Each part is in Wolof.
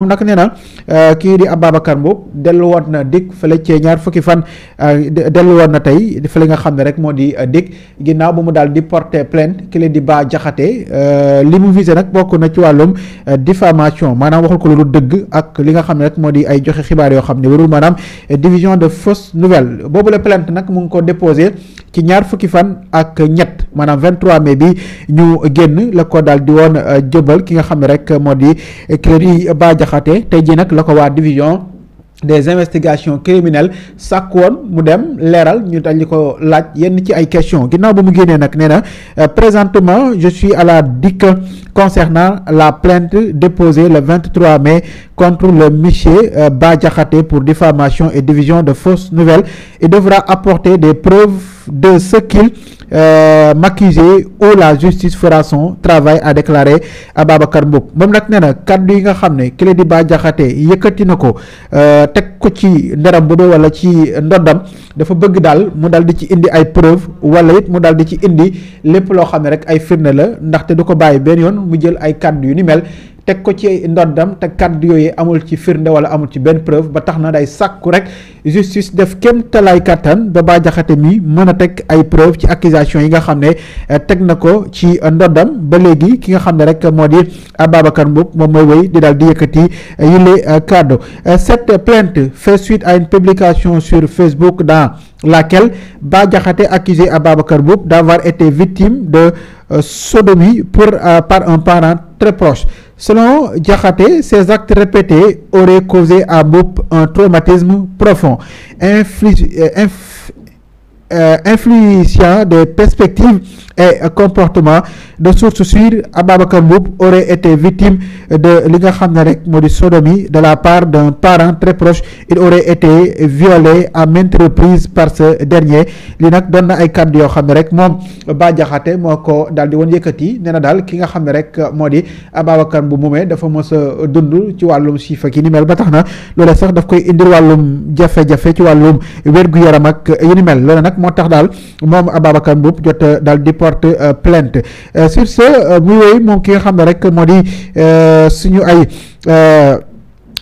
moom nag nee na euh, kii di Ababacar Mboup delluwaat na dikk fële cee ñaar fukki fan euh, delluwaat na tey fële nga xam ne rek moo di euh, dikk ginnaaw ba mu daal di porter ki kile di Bah Diakhaté li mu visé nag bokk na ci wàllum diffamation maanaam waxul ko lu dëgg ak li nga xam ne rek moo di ay joxe xibaar yoo xam ne warul maanaam division de fausse nouvelle boobu la nag mu ngi ko déposé ci ñaar fukki fan ak ñett maanaam 23 mai bi ñu génn la ko daal di woon euh, jëbal ki nga xam ne rek moo di Crédit baajaxate tey jii nag la ko waa division des investigations criminelles sàkk woon mu dem leeral ñu daal di ko laaj yenn ci ay question ginnaaw ba mu génnee nag nee na euh, présentement je suis à la DIC concernant la plainte déposée le 23 mai contre le monsieur euh, Ba pour diffamation et division de fausses nouvelle il devra apporter des preuves de ce qu'il euh, m'accusait ou la justice fera son travail a déclaré Ababacar Mboup moom nag nee na kàddu yi nga xam ne kile di Bah yëkkati na ko euh, teg ko ci nderam bu dee wala ci ndoddam dafa bëgg daal mu daal di ci indi ay preuve wala it mu daal di ci indi lépp loo xam ne rek ay firnde la ndaxte du ko bàyyi benn yoon mu jël ay kàddu yu ni mel teg ko ci ndoddam te kàddu yooyu amul ci firnde wala amul ci benn preuve ba tax na day sàkku rek justice def kem talaay kàttan ba Bah mi mën a teg ay preuve ci accusation yi nga xam ne eh, teg na ko ci ndoddam ba léegi ki nga xam ne rek moo di Ababacar eh, Mboup moom mooy wéy di daal di yëkkati eh, yile kàddu cette plainte fait suite à une publication sur Facebook dans laquelle Bah Diakhaté accusé Ababacar Mboup d'avoir été victime de sodomie pour par un parent très proche Selon Diakhaté, ces actes répétés auraient causé à Mboup un traumatisme profond, infligeant euh, influ euh, des perspectives et comportement de source sûre Ababacar Mboup aurait été victime de li nga xam ne rek moo di sodomie de la part d'un parent très proche il aurait été violé à maintes reprises parce ce dernier li nag doon na ay kàddu yoo xam ne rek moom Bah moo ko daal di woon yëkkati nee na daal ki nga xam ne rek moo di Ababacar mu moomee dafa mos dund ci wàllum siifa ki ni mel ba tax na loolee sax daf koy indil wàllum jafe-jafe ci wàllum wér-gu-yaram ak yu ni nag moo tax daal porte euh, plainte euh, sur ce muy euh, wooyu moom ki nga xam ne rek moo di suñu ay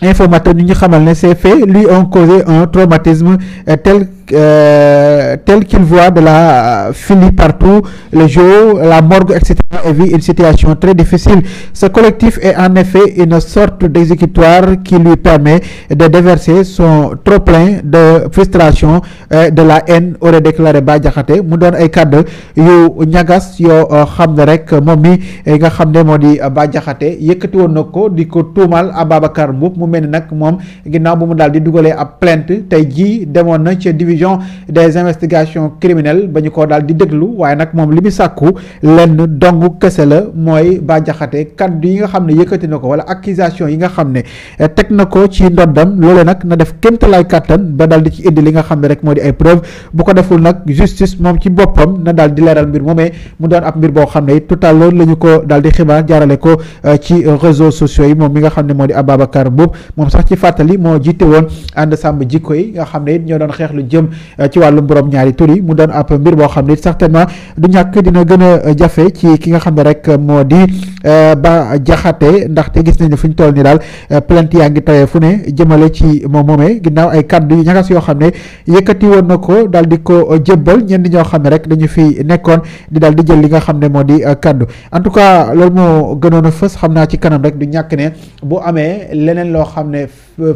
informateur ñu ñu xamal ne ces faits lui ont causé un traumatisme tel euh, tel qu'il voit de la euh, filie partout, le jours, la morgue, etc., et vit une situation très difficile. Ce collectif et en effet une sorte d'exécutoire qui lui permet de déverser son trop-plein de frustration, euh, de la haine, aurait déclaré Bah Diakhaté mu doon ay kàddu yu ñagas yoo euh, xam ne rek moom mi nga xam ne di Bah Diakhaté yëkkati woon na ko di ko tuumal Ababacar Mboup mu mel ni nag moom ginnaaw bu mu daal di dugalee ab plainte tey jii demoon na ci division des investigations criminelles ba ñu ko daal di déglu waaye nag moom li mu sàkku lenn dong kese la mooy Bah Diakhaté yi nga xam ne yëkkati na ko wala accusation yi nga xam ne eh, teg na ko ci ndoddam loole nag na def kéemtalaay kàttan ba daal di ci indi li nga xam ne rek moo di ay preuve bu ko deful nag justice moom ci boppam na daal di leeral mbir moomee mu doon ab mbir boo xam ne it tout à la ñu ko daal di xibaar jaarale ko eh, ci réseaux sociaux yi moom mi nga xam ne moo di Ababacar Mboup moom sax ci fàttali moo jiite jëm ci wàllu borom ñaari tur yi mu doon ab mbir boo xam ne certainement du ñàkk dina gën a jafe ci ki nga xam ne rek moo di euh, ba jaxate te gis nañu fu ñu toll nii daal euh, plainte yaa ngi tawee fu ne jëmale ci moom moomee ginnaaw ay kàddu yu ñagas yoo xam ne yëkkati woon na ko daal di ko jébbal ñenn ñoo xam ne rek dañu fi nekkoon di dal di jël li nga xam ne moo di euh, kàddu en tout cas loolu moo gënoon a fës xam naa ci kanam rek du ñàkk ne bu amee leneen loo xam ne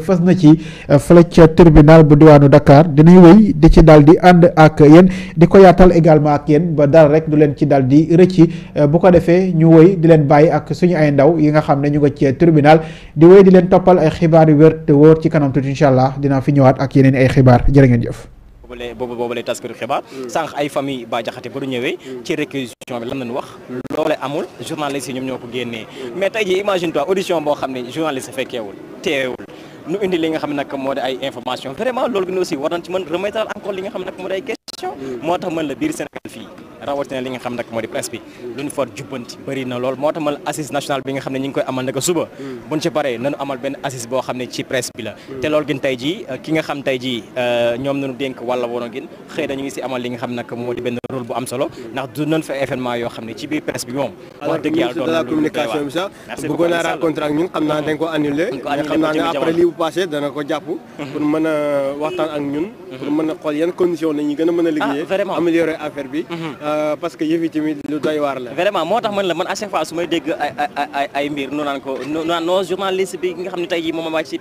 fas na ci eh, fële ca tribunal bu diwaanu Dakar dinañ wéy di ci daal di ànd ak yéen di ko yaatal également ak yéen ba dara rek du leen ci daal di rëcci eh, bu ko defee ñu wéy di leen bàyyi ak suñu ay ndaw yi nga xam ne ñu nga ci tribunal di wéy di leen toppal ay xibaar yu wér te wóor ci kanam tuuti incha allah dinaa fi ñëwaat ak yeneen ay xibaar jërë ngeen jëf. boobu boobu lay taskatu xibaar hmm. sànq ay famille ba jaxate ba du ñëwee hmm. ci réquisition bi lan lañu wax hmm. loole amul journaliste yi ñoom ñoo ko génnee mais tey audition boo xam ne journaliste fekkeewul teewul nu indi li nga xam nag moo di ay information vraiment loolu gën aussi war nañ ci mën remettre encore li nga xam nag moo di ay question mm. moo tax mën la biir Sénégal fii rawatina li nga xam nag moo di presse bi lu ñu for jubbanti bëri na lool moo tax mal assise nationale bi nga xam ne ñu ngi koy amal naka suba hmm. buñ ci paree nañu amal benn assise boo xam ne ci presse bi la te loolu gën tey jii ki nga xam tey euh, na ñu ngi si li nga moo di benn rôle bu am solo ndax du nañ fa événement yoo xam ne ci biir presse bi moom wax dëgg yàlla la communication bi sax bëggoon naa ak ñun xam naa dañ ko annulé xam naa ne après lii bu passé dana ko mhm. a euh, waxtaan ak ñun pour mhm. mën a xool yan condition la ñuy gën Euh, parce que yëf yi tamit lu doy waar la. vraiment moo tax man la man à chaque su may dégg ay mbir nu naan ko nu naan non journaliste bi nga xam ne tey moom a wàcc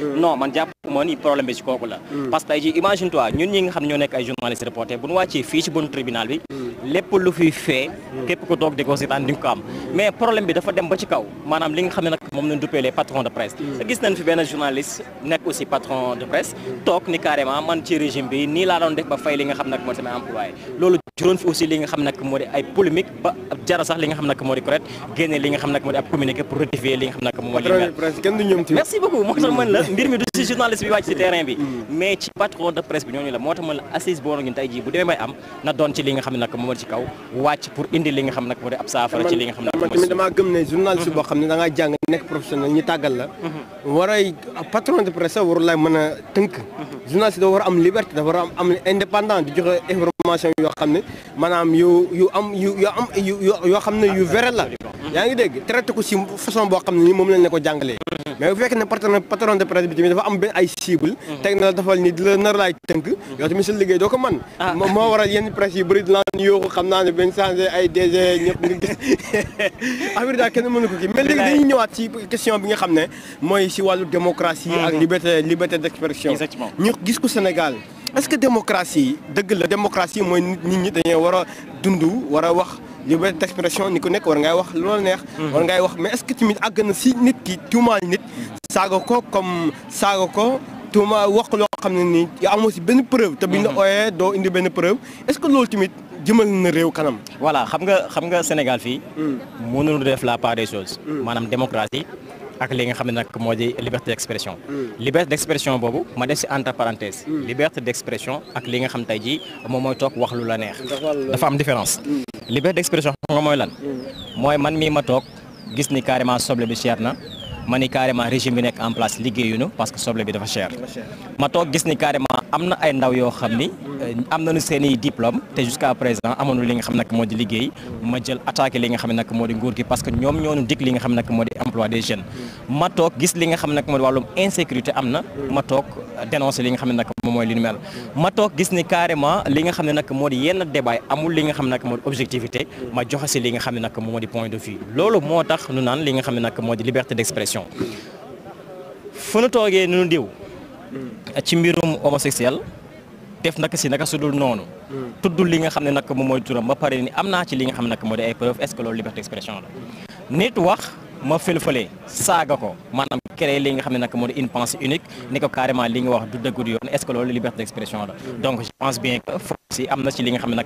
hmm. problème bi ci kooku la. Hmm. parce que tey jii imagine toi ñun ñi nga xam ñoo nekk ay journaliste reporter bu ñu wàccee fii ci bon tribunal bi. Hmm. lépp lu fi fee. képp ko seetaan di nga ko am mais problème bi dafa dem ba ci kaw maanaam li nga xam ne nag moom lañ duppee les patrons de presse gis nañ fi benn journaliste nekk aussi patron de presse toog ni carrément man ci régime bi nii laa doon def ba fay li nga xam nag moo moo di correct génne li nga xam nag moo di ab pour rectifier li nga xam nag moo moo mm. mm. de presse bi ñooñu li nga xam nag moo di ci pour indi li nga xam nag moo di ab saafara ci li nga xam nag man tamit damaa gëm ne journaliste mm-hmm. boo xam ne da nekk professionnel ñu tàggal la. war ay patron de presse warul lay mën a tënk. journaliste dafa war a am liberté dafa war a am indépendant di joxe information yoo xam ne maanaam yu yu am yu yu am yu yoo xam ne yu vrai la. yaa ngi dégg traité ko si façon boo xam ne nii moom lañ la ko mais bu fekkee ne patron de presse bi tamit dafa am benn ay cible. teg na la dafal di la nar laay tënk. yow tamit sa liggéey doo ko mën. Ah. moo waral yenn presse yu bëri yooku xam naa ne benn changé ay DG ñëpp ñu gis affaire ko ñëwaat ci question bi nga xam ne mooy si wàllu démocratie mm-hmm. ak liberté liberté d'expression ñu gis ko Sénégal est-ce que démocratie dëgg la démocratie mooy nit ñi dañoo war a dund war a wax liberté d'expression ni ko nekk war ngay wax loolu neex mm-hmm. war ngay wax mais est-ce que tamit àgg na si nit ki tuumaal nit saaga ko comme saaga ko tuuma wax loo xam ne ni amul si benn preuve te bi ñu la mm-hmm. ooyee doo indi benn preuve est-ce que loolu tamit jëmal na réew kanam. voilà xam nga xam nga Sénégal fii. Hmm. mënuñu def la part des choses. Hmm. maanaam démocratie ak li nga xam ne nag moo di liberté d'expression. Hmm. liberté d'expression boobu ma def si entre parenthèse. liberté d'expression ak li nga xam tey jii moom mooy toog wax lu la neex. dafa am différence. liberté d'expression xam nga mooy lan. mooy man mii ma toog gis ni carrément soble bi chair na. ma ni carrément régime bi nekk en place liggéeyuñu parce que soble bi dafa cher. am na ay ndaw yoo xam ni euh, am nañu seen i diplôme te jusqu'à présent amoon li nga xam nag moo di liggéey ma jël attaqué li nga xam ne nag moo di nguur gi parce que ñoom ñoo ñu dig li nga xam nag moo di emploi des jeunes ma toog gis xam nag moo di insécurité am na ma toog dénoncé li nga xam ne moom mooy li nu mel ma gis ni carrément li nga xam ne nag moo di yenn débat amul li nga xam ne nag moo di objectivité ma joxe si li nga xam ne nag moo di point de vue loolu moo tax nu naan li nga xam ne nag moo di liberté d'expression fu nu toogee nu diw ci mbirum homosexuel def naka si naka sudul noonu tuddul li nga xam ne nag moom mooy turam ba pare ni am naa ci li nga xam ne nag moo di ay preuve est-ce que loolu liberté d'expression la nit wax ma fël-fële saaga ko maanaam créé li nga xam ne nag moo di une pensée unique ni ko carrément li nga wax du dëggu du yoon est loolu liberté d'expression la donc je pense bien que si am na ci li nga xam ne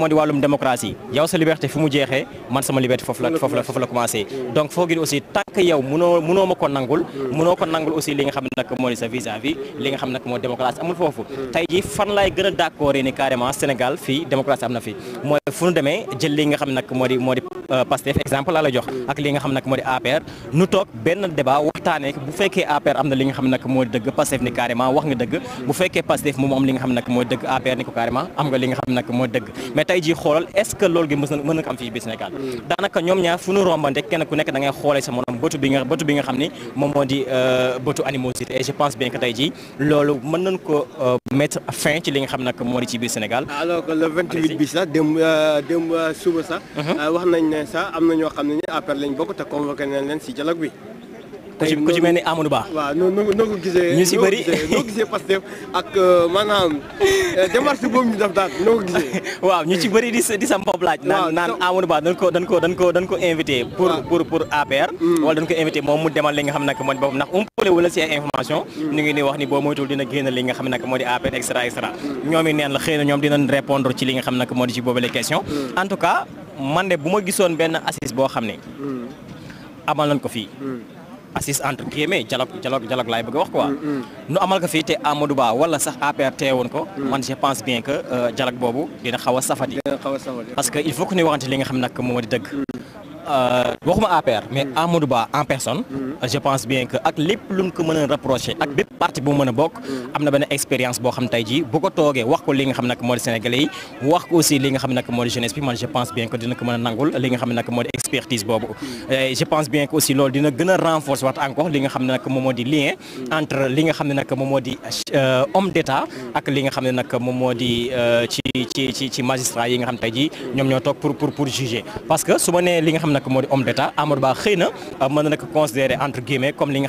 moo di wàllum démocratie yow sa liberté fi mu jeexee man sama liberté foofu la commencé donc foo gën aussi tànk yow munoo munoo ko nangul hmm. munoo ko nangul aussi li nga xam ne moo di sa vis vis li nga xam ne nag moo démocratie amul foofu hmm. tey jii fan laay gën a ni carrément Sénégal fii démocratie am na fi mooy fu nu demee jël li nga xam ne moo di moo di euh, exemple laa la jox hmm. ak li nga xam nag moo di APR nu toog bu fekkee Pastef moom am li nga xam nag mooy dëgg APR ni ko carrément am nga li nga xam nag mooy dëgg mais tey jii xoolal est-ce que loolu mën hmm. euh, pense bien que tey jii loolu mën nañ ko euh, mettre fin ci li nga xam nag moo di ci biir Sénégal ah, alors que le 28 bi sax dem dem suba sax mhm. euh, wax nañ ne sax am na ñoo xam ne ni APR lañ bokk te convoqué nañ leen si dialogue bi tey ku ci mel ni Amadou Ba. waaw noo noo ko gisee. ñu si bëri noo gisee Pastef ak euh, maanaam euh, démarche boobu ñu def daal noo ko gisee. waaw ñu ci bëri di sa di sa mbopp laaj. naan naan Amadou Ba dañ ko dañ ko dañ ko dañ ko invité. pour pour pour APR. Mm. wala dañ ko invité moom mu demal li nga xam nag mooy boppam ndax umpale wala si ay information mm. ñu ngi ni wax ni boo moytul dina génn li nga xam nag moo di APR et cetera et cetera. Mm. ñoom it neen la xëy na ñoom dinañ répondre ci li nga xam nag moo di ci boobale question. en tout cas man de bu ma gisoon benn assise boo xam ne amal nañ ko fii assise entre guillemets dialogue dialogue dialogue laay a wax quoi. Mm, mm. nu amal ko fii te Amadou Ba wala sax APR teewoon ko. Mm. man je pense bien que euh, dialogue boobu dina xaw a safadi. parce que il faut que ñu waxante li nga xam nag moom moo di dëgg. Euh, waxuma APR mais Amadou Ba en personne mm-hmm. je pense bien que ak lépp luñ ko mën a rapproché ak bépp parti bu mu mën a bokk mm-hmm. am na benn expérience boo xam tey jii bu ko toogee wax ko li nga xam nag moo di sénégalais yi wax ko aussi li nga xam nag moo di jeunesse bi man je pense bien que dina ko mën a nangul li nga xam nag moo di expertise boobu mm-hmm. je pense bien que aussi loolu dina gën a renforcer encore li nga xam ne moo di lien entre li nga ci magistrat yi nga xam tey jii ñoom ñoo toog pour juger parce que su nee li nga xam nag moo di homme d'état Amadou Ba xëy na euh, mën na nag considéré entre guillemets comme li nga xam